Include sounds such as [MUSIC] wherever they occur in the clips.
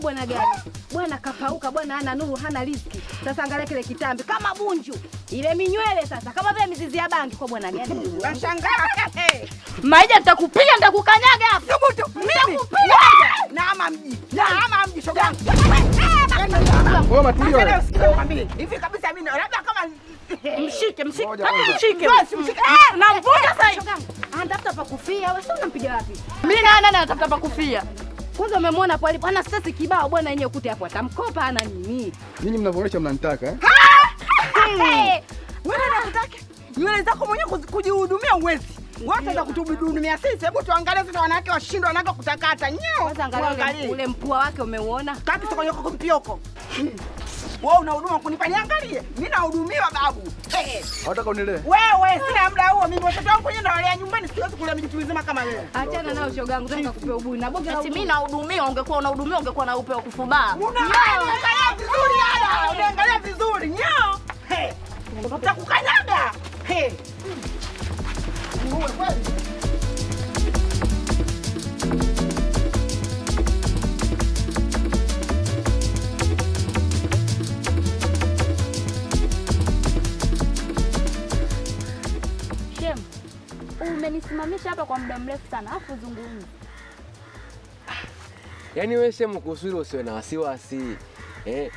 bwana gani? Bwana kapauka, bwana hana nuru, hana riziki. Sasa angalia kile kitambi kama bunju, ile minywele sasa kama vile mizizi ya bangi. Kwa bwana gani? Nashangaa. Maija, nitakupiga nitakukanyaga. Thubutu mimi na ama mji na ama mji shoga. Eh, wewe matulio Hivi kabisa mimi labda kama eh, mshike mshike mshike mshike, eh, na mvuta sasa. Anatafuta pa kufia, wewe sio unampiga wapi? Mimi na nani anatafuta pa kufia? Kwanza umemwona hapo alipo, ana stress kibao bwana yenyewe kute hapo atamkopa ana nini? Nyinyi mnavyoonyesha mnanitaka eh? Wewe unataka? Nywele zako mwenyewe kujihudumia uwezi. Ngoja za kutuhudumia sisi. Hebu tuangalie sasa wanawake washindwa wanawake kutakata. Nyoo. Kwanza angalia ule mpua wake umeuona? Kati sio kwenye kumpia hmm. Wewe una huduma kunipa niangalie. Mimi nahudumiwa babu. Hawataka unielewe. Wewe sina muda huo mimi watoto wangu wenyewe nawalea nyumbani siwezi kulea mtu mzima kama wewe. Achana nao shoga yangu nataka kupe ubuni. Na bonge mimi nahudumiwa ungekuwa unahudumiwa ungekuwa na upe kufubaa. Unaangalia vizuri ada. Unaangalia vizuri. Nyao. Hey. Utakukanyaga. Hey. Wewe kweli. Umenisimamisha hapa kwa muda mrefu sana, afu zungumza. Yaani wewe shemu, kuhusu usiwe na wasiwasi eh.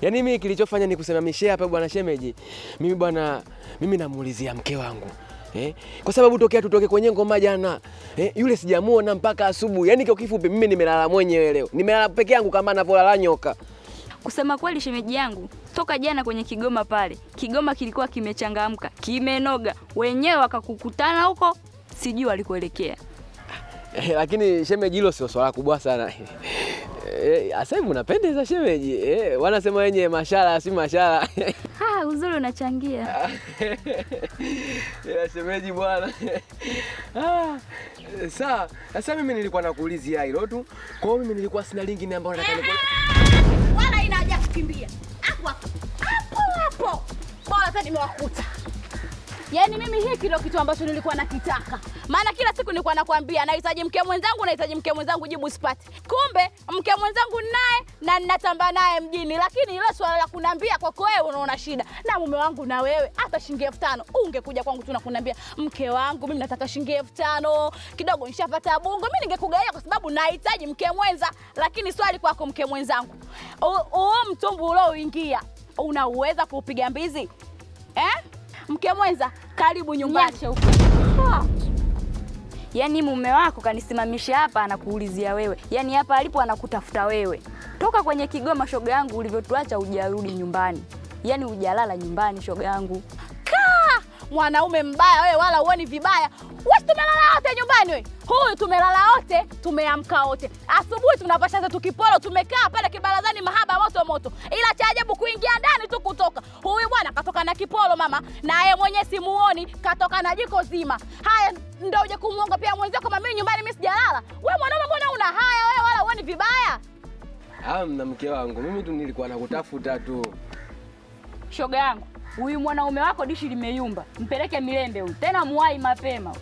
Yaani mimi kilichofanya ni kusimamishia hapa bwana shemeji, mimi bwana, mimi namuulizia mke wangu Eh, kwa sababu tokea tutoke kwenye ngoma jana eh, yule sijamuona mpaka asubuhi. Yaani kwa kifupi mimi nimelala mwenyewe leo, nimelala peke yangu kama anavyolala nyoka. Kusema kweli, shemeji yangu, toka jana kwenye Kigoma pale, Kigoma kilikuwa kimechangamka, kimenoga, wenyewe wakakukutana huko sijui walikuelekea. Eh, lakini shemeji, hilo sio swala kubwa sana. [LAUGHS] Eh, asa unapendeza shemeji. Eh, wanasema wenye mashara si mashara. Ah, [LAUGHS] uzuri unachangia. Ya [LAUGHS] shemeji bwana. Ah, Sasa mimi nilikuwa nakuulizia hilo tu. Kwa hiyo mimi nilikuwa sina lingine ambayo nataka Wala ina haja kukimbia. Hapo hapo. Hapo hapo. Bora nimewakuta. Yaani mimi hiki ndio kitu ambacho nilikuwa nakitaka, maana kila siku nilikuwa nakwambia nahitaji mke mwenzangu, nahitaji mke mwenzangu, jibu sipati. Kumbe mke mwenzangu naye na ninatamba naye mjini, lakini ile swala la kunambia kwako wewe unaona shida na mume wangu. Na wewe hata shilingi elfu tano ungekuja kwangu tu nakunambia, mke wangu, mimi nataka shilingi elfu tano kidogo nishapata bungo, mimi ningekugaia kwa sababu nahitaji mke mwenza. Lakini swali kwako, mke mwenzangu, huo mtumbu uloingia unauweza kuupiga mbizi eh? Mke mwenza, karibu nyumbani. Niache Yaani mume wako kanisimamisha hapa anakuulizia wewe, yaani hapa alipo anakutafuta wewe. Toka kwenye Kigoma shoga yangu, ulivyotuacha ujarudi nyumbani, yaani ujalala nyumbani shoga yangu mwanaume mbaya wewe, wala uoni vibaya wewe. Tumelala wote nyumbani wewe, huyu tumelala wote, tumeamka wote asubuhi, tunapashaza tukipolo, tumekaa pale kibarazani, mahaba moto moto, ila cha ajabu kuingia ndani tu kutoka. Huyu bwana katoka na kipolo mama, naye mwenyewe simuoni, katoka na jiko zima. Haya ndio uje kumuongo pia mwenzako, kama mimi nyumbani mimi sijalala. Wewe mwanaume, mbona una haya wewe, wala uoni vibaya? Amna mke wangu, mimi tu nilikuwa nakutafuta tu shoga yangu, huyu mwanaume wako dishi limeyumba, mpeleke Milembe huyu tena, muwai mapema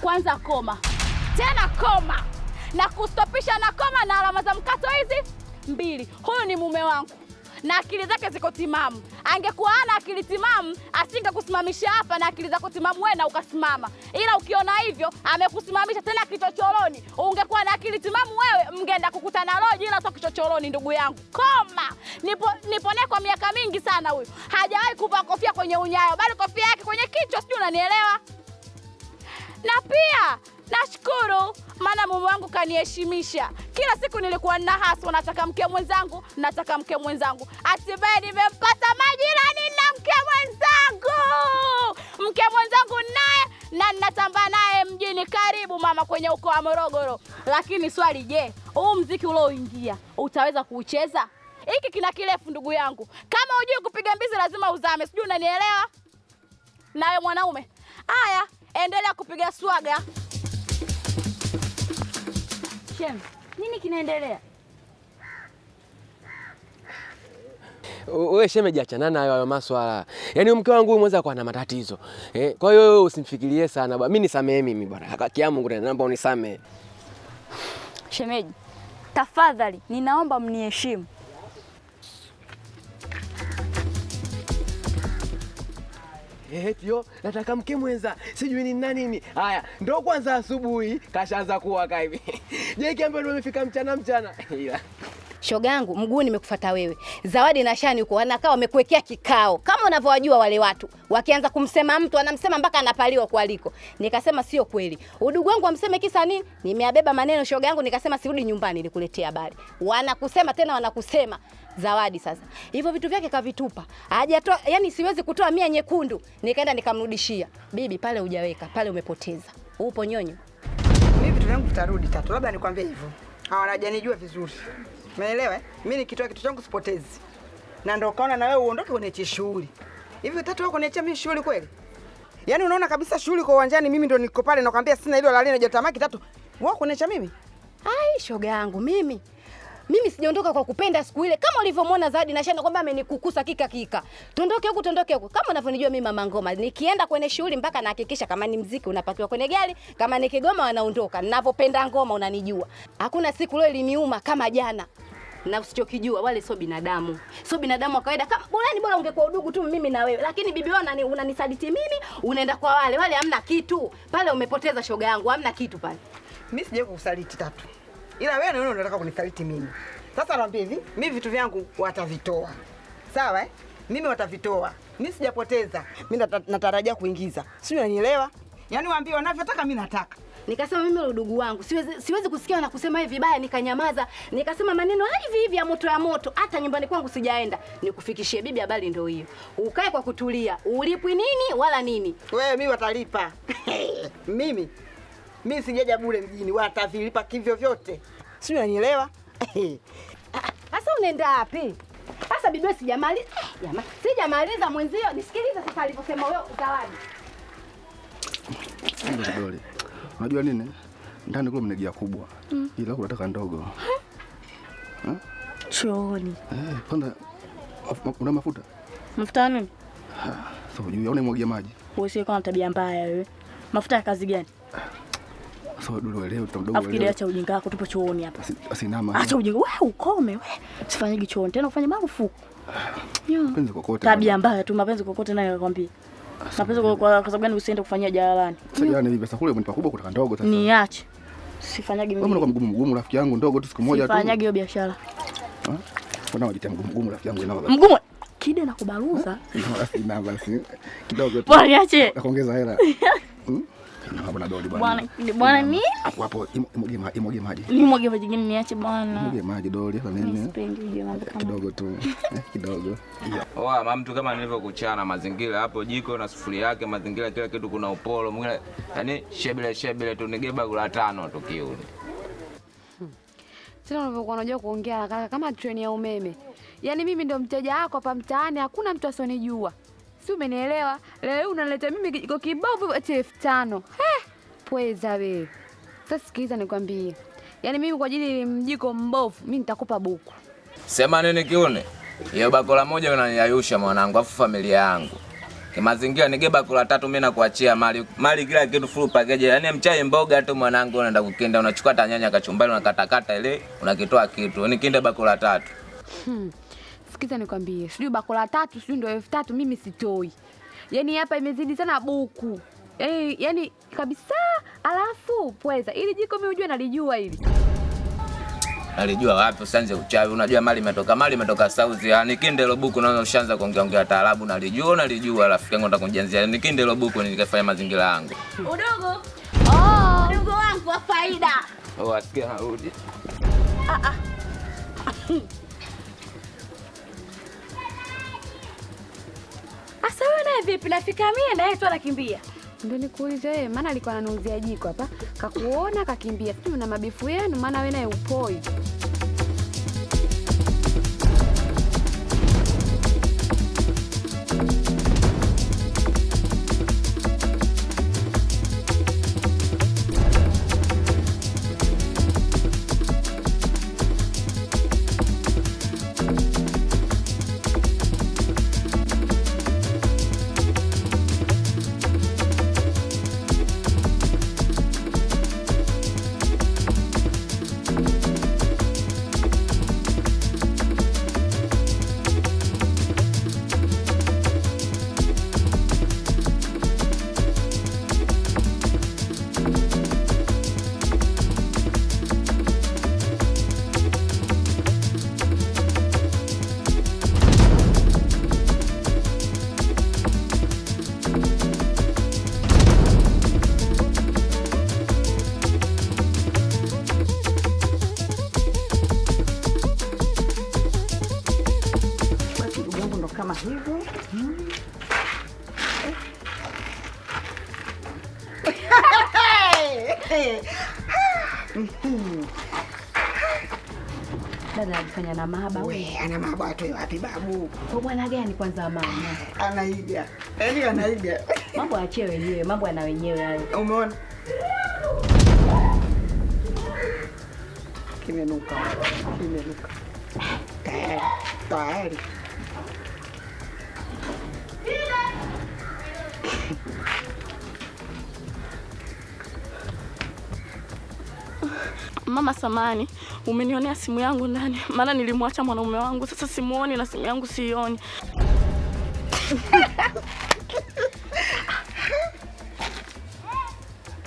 kwanza. Koma tena koma na kustopisha na koma na alama za mkato hizi mbili. Huyu ni mume wangu na akili zake ziko timamu. Angekuwa ana akili timamu asingekusimamisha hapa na akili zako timamu wewe na ukasimama, ila ukiona hivyo amekusimamisha tena kichochoroni. Ungekuwa na akili timamu wewe mngeenda kukutana loji, ila sio kichochoroni. Ndugu yangu koma, nipo niponee kwa miaka mingi sana. Huyu hajawahi kuvaa kofia kwenye unyayo, bali kofia yake kwenye kichwa, sijui unanielewa na pia Nashukuru maana mume wangu kaniheshimisha. Kila siku nilikuwa na haswa, nataka mke mwenzangu, nataka mke mwenzangu, hatimaye nimempata majirani na mke mwenzangu, mke mwenzangu naye na ninatamba naye mjini, karibu mama, kwenye ukoo wa Morogoro. Lakini swali, je, huu mziki ulioingia utaweza kuucheza? Hiki kina kirefu, ndugu yangu, kama hujui kupiga mbizi lazima uzame, sijui unanielewa? Nawe mwanaume, haya endelea kupiga swaga. Shem, nini kinaendelea? Wewe shemeji, achana nayo hayo maswala. Yaani mke wangu mweza kuwa na matatizo eh. Kwa hiyo usimfikirie sana bwana, mimi nisamehe mimi bwana, kakia Mungu naomba unisamehe. Shemeji, tafadhali ninaomba mniheshimu. Tio, eh, nataka mke mwenza sijui ni nani nini. Haya, ndo kwanza asubuhi kashaanza kuwa hivi [LAUGHS] Jeki ambaye nimefika mchana mchana. [LAUGHS] Shoga yangu mguu nimekufuata wewe. Zawadi na Shani huko wanakaa wamekuwekea kikao. Kama unavyowajua wale watu, wakianza kumsema mtu anamsema mpaka anapaliwa kualiko. Nikasema sio kweli. Udugu wangu amseme kisa nini? Nimeabeba maneno shoga yangu nikasema sirudi nyumbani nikuletea habari. Wanakusema tena wanakusema. Zawadi sasa. Hivyo vitu vyake kavitupa. Hajatoa, yani siwezi kutoa mia nyekundu. Nikaenda nikamrudishia. Bibi pale hujaweka, pale umepoteza. Upo nyonyo vitu vyangu vitarudi Tatu, labda nikwambie hivyo, hawajanijua vizuri, umeelewa? Eh? Mimi nikitoa kitu changu sipotezi, na ndio kaona na wewe uondoke kwenye shughuli hivi. Tatu, wako kuniachia mimi shughuli kweli? Yaani unaona kabisa shughuli kwa uwanjani, mimi ndo niko pale nakwambia, sina hilo lalini, leo, najatamaki Tatu, wewe kuniachia mimi? Ai, shoga yangu mimi mimi sijaondoka kwa kupenda siku ile, kama ulivyomwona Zawadi na Shani kwamba amenikukusa kika kika, tondoke huku tondoke huku. Kama unavyonijua mimi mama ngoma, nikienda kwenye shughuli mpaka nahakikisha kama ni mziki unapakiwa kwenye gari, kama ni kigoma wanaondoka. Ninavyopenda ngoma unanijua, hakuna siku leo iliniuma kama jana na usichokijua wale sio binadamu, sio binadamu wa kawaida. Kama bora ni bora ungekuwa udugu tu mimi na wewe, lakini bibi wewe unanisaliti mimi, unaenda kwa wale wale, hamna kitu pale. Umepoteza shoga yangu, hamna kitu pale. Mimi sijawahi kukusaliti tatu ila wewe naona unataka kunisaliti mimi. Sasa naambia hivi, mimi vitu vyangu watavitoa, sawa eh? Mimi watavitoa, mimi sijapoteza, mimi natarajia kuingiza, sio? Unanielewa? Yaani waambie wanavyotaka, mimi nataka Nikasema mimi udugu wangu siwezi, siwezi kusikia na kusema hivi vibaya, nikanyamaza. Nikasema maneno hivi hivi ya moto ya moto, hata nyumbani kwangu sijaenda. Nikufikishie bibi, habari ndio hiyo. Ukae kwa kutulia, ulipwi nini wala nini. Wewe mimi watalipa [LAUGHS] mimi mimi sijaja bure mjini, watazilipa kivyo vyote, si unanielewa? [LAUGHS] Sasa unaenda wapi? Sasa bibi, sijamaliza eh, sijamaliza mwenzio, nisikilize sasa alivyosema wewe Zawadi. Kidole. Unajua nini? Ndani kule mnegia kubwa. Mm. Ila kunataka ndogo. Eh? Chooni. Eh, kwanza una mafuta? Mafuta nini? Ah, sio yaone mwagia maji. Wewe sio kama tabia mbaya wewe. Mafuta ya kazi gani? Ah. Acha ujinga wako, tupo chooni hapa. Acha ujinga wewe, ukome wewe, usifanyigi chooni tena, ufanye marufuku. Ah, mapenzi kokote, tabia mbaya tu, mapenzi kokote naye nakwambia. Mapenzi kwa sababu gani usiende kufanyia jalalani? Niache, sifanyagi mimi. Wewe mgumu mgumu, rafiki yangu ndogo tu, siku moja tu. Sifanyagi hiyo biashara. Mgumu kide na kubaruza. Niache. Nakuongeza hela. [LAUGHS] Hmm? Bwana Hapo hapo imwage maji. maji gani niache bwana? Imwage maji Doli hapa Kidogo tu. Eh, kidogo. Oa mama mtu kama nilivyokuchana mazingira hapo jiko na sufuria yake mazingira kila kitu kuna upolo. Mwingine yani shebele shebele tu nigeba gula tano tu kiuni. Sina unavyokuwa unajua kuongea kama treni ya umeme. Yaani mimi ndio mteja wako hapa mtaani hakuna mtu asionijua si umenielewa? Leo hii unaleta mimi kijiko kibovu ati elfu tano pweza wewe. Sasa sikiliza nikwambie, yaani mimi kwa ajili mjiko mbovu mimi nitakupa buku. Sema nini kiune? Hiyo bakora moja unaniayusha mwanangu, afu familia yangu kimazingira nige bakora tatu mimi nakuachia mali mali, kila kitu full package, Yani mchai mboga tu mwanangu, unaenda kukenda unachukua tanyanya kachumbari, unakatakata ile unakitoa kitu, ni kinde bakora tatu hmm. Sikiza nikwambie, sijui bako la tatu sijui ndio elfu tatu mimi sitoi. Yani hapa imezidi sana buku. Yaani yani kabisa. Alafu pweza, ili jiko mimi unajua nalijua hili. Nalijua wapi? usanze uchawi. Unajua mali imetoka, mali imetoka South. Ah, yaani kinde lo buku naona ushaanza kuongea ongea taarabu, nalijua nalijua. Rafiki yangu nataka kujianzia. Ni kinde lo buku nikafanya mazingira yangu. Udogo. Oh, udogo wangu wa faida. Oh, asikia rudi Ah ah. [LAUGHS] vipi rafiki mie naye tu anakimbia? Ndio nikuulize wewe, maana alikuwa ananiuzia jiko hapa, kakuona kakimbia. Sijui na mabifu yenu, maana wewe naye upoi Dada alifanya na maba. We, ana maba atoe wapi babu? Kwa bwana gani kwanza mama? Anaiga. Yaani anaiga. Mambo achie wenyewe, mambo yana wenyewe hayo. Yaani. Umeona? Kimenuka. Kimenuka. Tayari. Tayari. mama, samani, umenionea simu yangu ndani, maana nilimwacha mwanaume wangu, sasa simuoni na simu yangu siioni. [LAUGHS]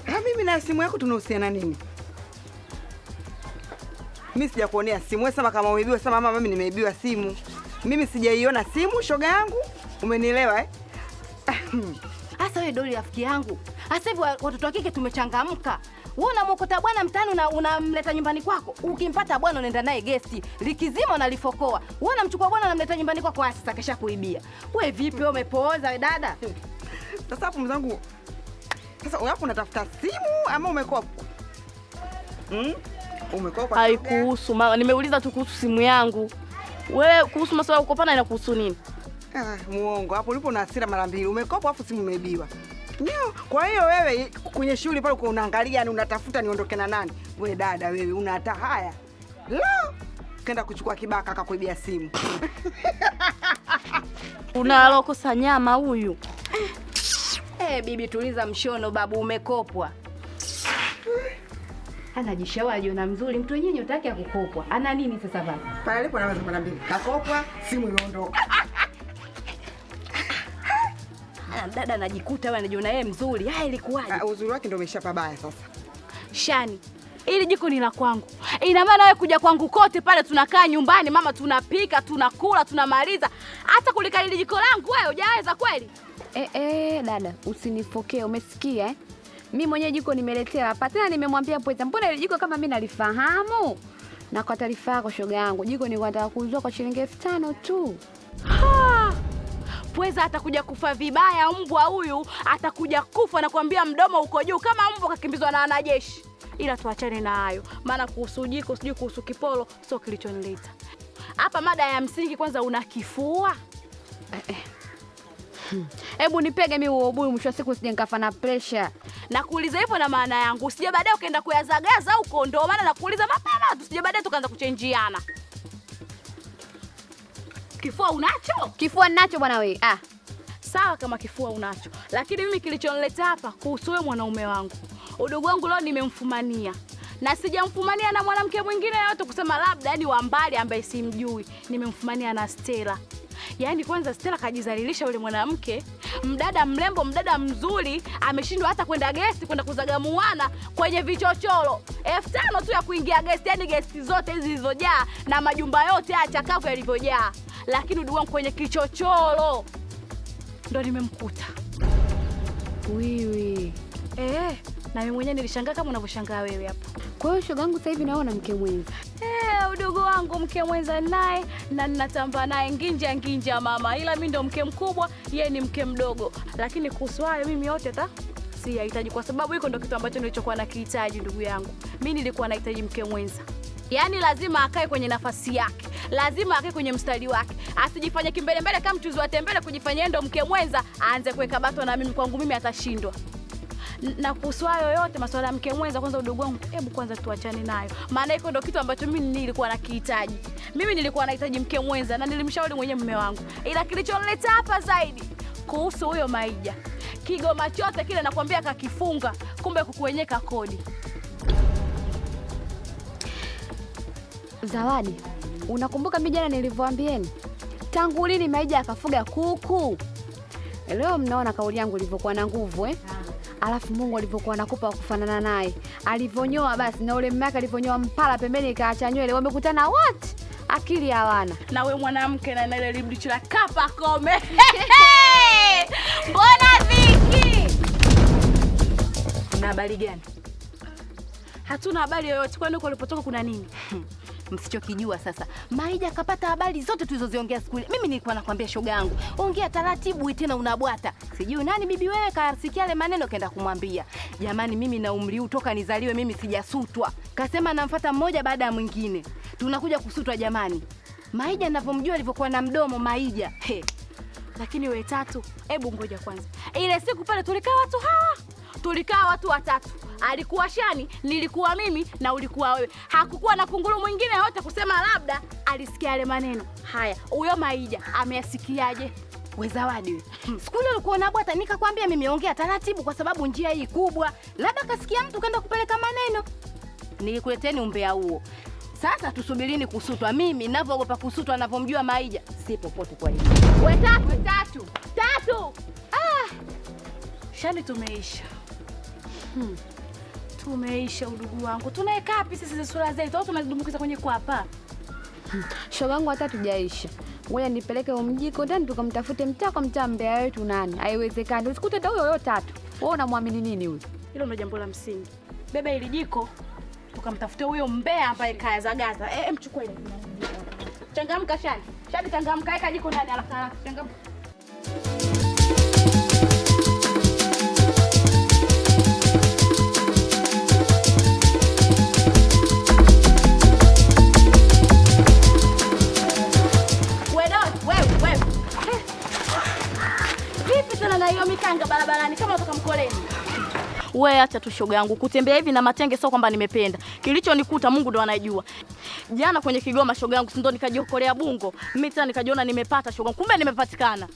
Ah, mimi na simu yako tunahusiana nini? Mimi sijakuonea simu. Wewe sema kama umeibiwa, sema mama, mimi nimeibiwa simu. Mimi sijaiona simu, shoga yangu, umenielewa eh? [CLEARS THROAT] Asa wewe doli, rafiki yangu, asa hivi watoto wa kike tumechangamka wewe unamokota bwana mtani na unamleta nyumbani kwako. Ukimpata bwana unaenda naye gesti, likizima unalifokoa. Wewe unamchukua bwana unamleta nyumbani kwako kwa ah, sasa kesha kuibia. Wewe vipi wewe umepooza wewe dada? [LAUGHS] Sasa hapo mzangu. Sasa wapo unatafuta simu ama umekopa? Mm? Umekopa? Haikuhusu mama, nimeuliza tu kuhusu simu yangu. Wewe kuhusu masuala ya kukopana inakuhusu nini? Ah, muongo. Hapo ulipo na hasira mara mbili. Umekopa afu simu imeibiwa. Ndio, kwa hiyo wewe kwenye shughuli pale uko unaangalia, ni unatafuta niondoke na nani? We dada wewe, una hata haya Lo! kenda kuchukua kibaka akakuibia simu [LAUGHS] unalokosa nyama huyu. Hey, eh, eh, bibi tuliza mshono, babu umekopwa. Anajishawaji na mzuri mtu wenyewe nyota yake akukopwa. Ana nini sasa baba? Pale alipo anaweza mbili. Kakopwa, simu imeondoka. dada anajikuta wewe, anajiona yeye mzuri. Haya, ilikuwaje? Uh, uzuri wake ndio umeshapa baya sasa. Shani, ili jiko ni la kwangu. Ina maana wewe kuja kwangu kote pale, tunakaa nyumbani mama, tunapika tunakula, tunamaliza, hata kulika ili jiko langu wewe hujaweza kweli? Eh, eh, dada usinipokee, umesikia eh? Mi mwenyewe jiko nimeletea hapa tena, nimemwambia Pweza, mbona ile jiko kama mi nalifahamu. Na kwa taarifa yako shoga yangu, jiko nilikuwa nataka kuuzwa kwa shilingi elfu tano tu pweza atakuja kufa vibaya, mbwa huyu atakuja kufa na kuambia mdomo uko juu, kama mbwa kakimbizwa na wanajeshi. Ila tuachane na hayo, maana kuhusu jiko sijui kuhusu kipolo sio kilichonileta hapa. Mada ya msingi kwanza, una kifua eh, eh. Hmm. Hebu nipege mi uobuyu, mwisho wa siku sije nikafa na presha. Nakuuliza hivyo na maana yangu, sije baadaye ukaenda kuyazagaza huko. Ndio maana nakuuliza mapema, sije baadaye tukaanza kuchenjiana. Kifua unacho? Kifua nacho bwana wewe. Ah. Sawa kama kifua unacho, lakini mimi kilichonileta hapa kuhusu wewe mwanaume wangu, udugu wangu leo nimemfumania na sijamfumania na mwanamke mwingine yote, kusema labda yani wa mbali ambaye simjui. Nimemfumania na Stella. Yaani kwanza Stella kajizalilisha yule mwanamke, mdada mrembo, mdada mzuri, ameshindwa hata kwenda gesti kwenda kuzagamuana kwenye vichochoro. elfu tano tu ya kuingia gesti, yani gesti zote hizi zilizojaa na majumba yote haya chakavu yalivyojaa lakini udugu wangu kwenye kichochoro ndo nimemkuta wiwi. Eh, na mimi mwenyewe nilishangaa kama unavyoshangaa wewe hapa. Kwa hiyo shoga yangu sasa hivi naona mke mwenza eh, udogo wangu mke mwenza naye, na ninatamba naye nginja nginja mama, ila mimi ndo mke mkubwa, ye ni mke mdogo, lakini kuhusu hayo mimi yote ta siyahitaji, kwa sababu hiko ndo kitu ambacho nilichokuwa nakihitaji ndugu yangu. Mimi nilikuwa nahitaji mke mwenza. Yaani lazima akae kwenye nafasi yake, lazima akae kwenye mstari wake, asijifanye kimbelembele kama mchuzi wa tembele, kujifanyia ndo mke mwenza, aanze kuweka bato na mimi. Kwangu mimi atashindwa na kuhusu hayo yote masuala ya mke mwenza, kwanza udogo wangu, hebu kwanza tuachane nayo, maana hiko ndo kitu ambacho mimi nilikuwa nakihitaji. Mimi nilikuwa nahitaji mke mwenza na nilimshauri mwenye mume wangu, ila kilichonileta hapa zaidi kuhusu huyo Maija, kigoma chote kile nakwambia kakifunga, kumbe kukuenyeka kodi Zawadi, unakumbuka mimi jana nilivyowaambieni tangu lini Maija akafuga kuku? Leo mnaona kauli yangu ilivyokuwa na nguvu eh? Alafu Mungu alivyokuwa nakupa kufanana naye alivyonyoa, basi na ule mmake alivyonyoa mpala pembeni, ikaacha nywele, wamekutana what akili hawana. Na we mwanamke na ile librichi la kapa kome [LAUGHS] mbona Viki, na habari gani? Hatuna habari yoyote. Kwani huko ulipotoka kuna nini? [LAUGHS] msichokijua sasa, Maija kapata habari zote tulizoziongea siku ile. Mimi nilikuwa nakwambia shoga yangu, ongea taratibu, tena unabwata. Sijui nani bibi wewe kasikia yale maneno kaenda kumwambia, jamani, mimi na umri huu toka nizaliwe mimi sijasutwa. Kasema namfuata mmoja baada ya mwingine, tunakuja kusutwa jamani. Maija ninavyomjua alivyokuwa na mdomo Maija, he. Lakini we Tatu, hebu ngoja kwanza, ile siku pale tulikaa watu hawa tulikaa watu watatu, alikuwa Shani, nilikuwa mimi na ulikuwa wewe. Hakukuwa na kunguru mwingine yote kusema labda alisikia yale maneno. Haya, huyo Maija ameyasikiaje? Wezawadi we, hmm. siku ile ulikuwa na bwata, nikakwambia mimi ongea taratibu, kwa sababu njia hii kubwa, labda kasikia mtu kaenda kupeleka maneno. Nilikuleteni umbea huo. Sasa tusubirini kusutwa. Mimi navyoogopa kusutwa, navyomjua Maija si popote. Kwa hiyo we tatu, we tatu tatu, ah, Shani tumeisha Hmm. Tumeisha udugu wangu, tunaweka wapi sisi sura zetu au tunazidumbukiza kwenye kwapa? Hmm. Shoga wangu hata tujaisha. Ngoja nipeleke umjiko ndani tukamtafute mtaa kwa mtaa mbea wetu nani? Haiwezekani. Usikute ndio huyo tatu. Wewe unamwamini nini huyu Hilo ndio jambo la msingi. Beba ili jiko tukamtafute huyo mbea ambaye kaya za Gaza. Eh, eh mchukue. Changamka Shani. Shani changamka, weka jiko ndani alafu Changamka. na hiyo mikanga barabarani kama kutoka mkoleni. We acha tu shoga yangu, kutembea hivi na matenge sio kwamba nimependa. Kilichonikuta Mungu ndo anajua. Jana kwenye Kigoma shoga yangu, si ndo nikajiokolea bungo mimi tena, nikajiona nimepata shoga, kumbe nimepatikana.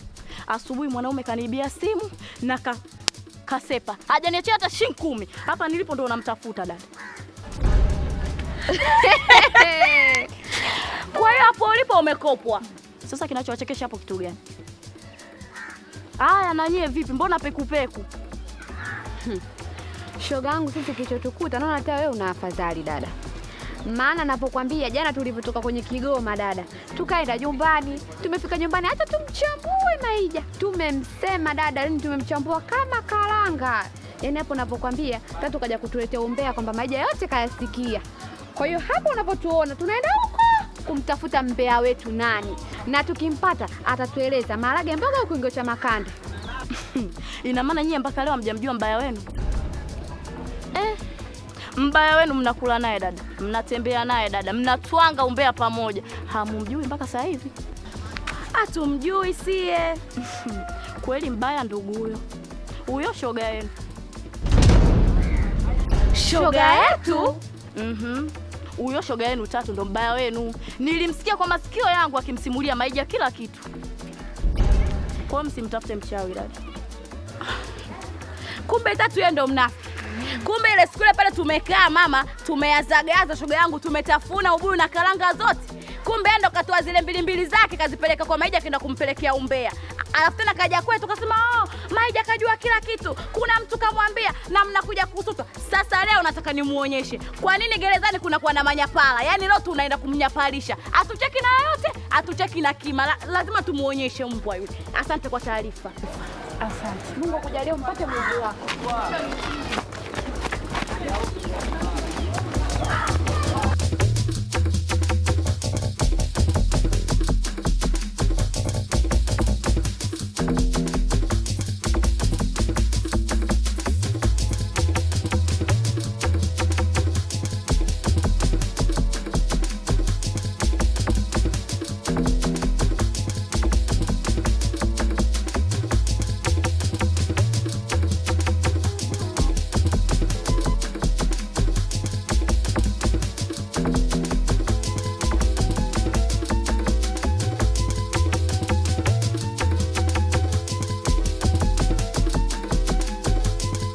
Asubuhi mwanaume kaniibia simu na ka, kasepa, hajaniachia hata shilingi kumi. Hapa nilipo ndo namtafuta dada [LAUGHS] kwa hiyo hapo ulipo umekopwa. Sasa kinachowachekesha hapo kitu gani? Aya, na vipi? Mbona pekupeku? Hmm. Shoga yangu, sisi kilichotukuta, naona hata wewe una afadhali dada, maana napokwambia jana tulivyotoka kwenye Kigoma dada, tukaenda nyumbani, tumefika nyumbani hata tumchambue Maija, tumemsema dada, yani tumemchambua kama karanga. Yaani hapo napokwambia tatu kaja kutuletea umbea kwamba Maija yote kayasikia. Kwa hiyo hapo unapotuona tunaenda kumtafuta mbea wetu nani, na tukimpata atatueleza marage mboga au kiungo cha makande. [LAUGHS] Ina maana nyie mpaka leo hamjamjua mbaya wenu eh? Mbaya wenu mnakula naye dada, mnatembea naye dada, mnatwanga umbea pamoja, hamumjui mpaka sasa hivi? Hatumjui sie. [LAUGHS] Kweli mbaya ndugu huyo huyo, shoga yenu, shoga yetu. Mhm huyo shoga yenu Tatu ndo mbaya wenu. Nilimsikia kwa masikio yangu akimsimulia Maija kila kitu. Kwa msimtafute mchawi dada. Kumbe Tatu yeye ndo mna Kumbe ile siku ile pale tumekaa mama, tumeyazagaza shoga yangu, tumetafuna ubuyu na karanga zote. Kumbe ndo katoa zile mbilimbili zake kazipeleka kwa Maija, kenda kumpelekea umbea alafu tena kaja kwetu kasema, oh, Maija kajua kila kitu, kuna mtu kamwambia na mnakuja kusutwa. Sasa leo nataka nimuonyeshe kwa nini gerezani kunakuwa na manyapala. Yani leo tunaenda kumnyapalisha, atucheki na yote, atucheki na kima la, lazima tumuonyeshe mbwa yule. Asante kwa taarifa. Asante. Mungu akujalie mpate Mungu wako.